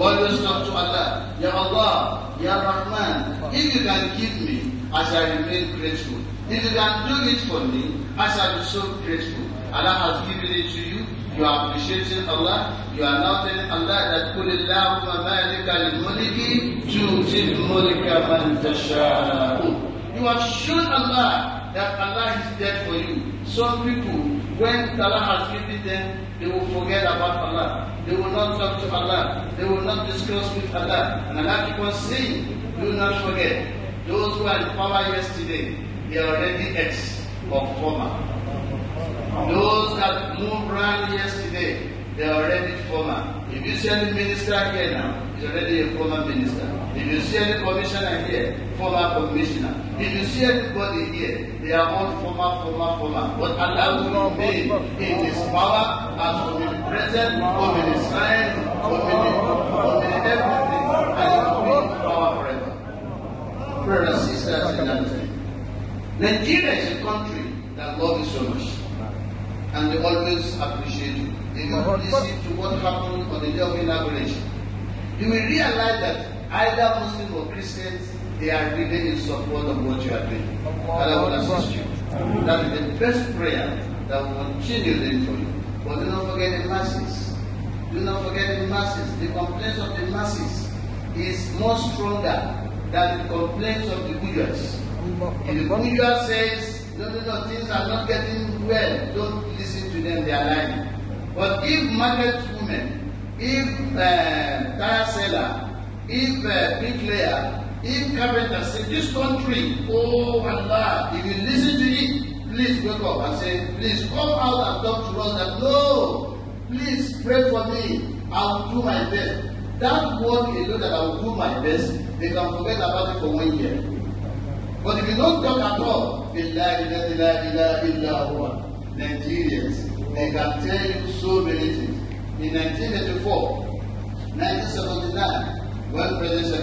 Always come to Allah. Ya Allah, Ya Rahman, if you can give me, I shall remain grateful. If you can do it for me, I shall be so grateful. Allah has given it to you. You are appreciating Allah. You are not in Allah that قُلِ اللَّهُمَّ مَالِكَ الْمُلِكِ تُؤْتِي الْمُلِكَ مَنْ تَشَاءُ you have shown Allah that Allah is there for you. Some people, when Allah has given them, they will forget about Allah. They will not talk to Allah. They will not discuss with Allah. And Allah keeps saying, do not forget. Those who are in power yesterday, they are already ex of former. Those that moved around yesterday, they are already former. If you see any minister here now, he's already a former minister. If you see any commissioner here, former commissioner. If you see anybody here, they are all former, former, former. But Allah will be in his power as will be present, will be the sign, will be the everything, and it will be power forever. Brothers and sisters in Nigeria is a country that loves so much and they always appreciate you. If you listen to what happened on the day of inauguration, you will realize that either Muslim or Christians, they are really in support of what you are doing. Allah will assist you. That is the best prayer that will continue doing for you. But do not forget the masses. Do not forget the masses. The complaints of the masses is more stronger than the complaints of the Uyghurs. If the Uyghur says, No, no, things are not getting well. Don't listen to them, they are lying. But if market women, if uh, tire seller, if uh, bricklayer, if carpenter say, this country, oh Allah, if you listen to it, please wake up and say, please come out and talk to us And no, please pray for me, I will do my best. That word alone that I will do my best, they can forget about it for one year. But if you don't talk at all, Nigerians, they can tell you so many things. In 1984, 1979, when President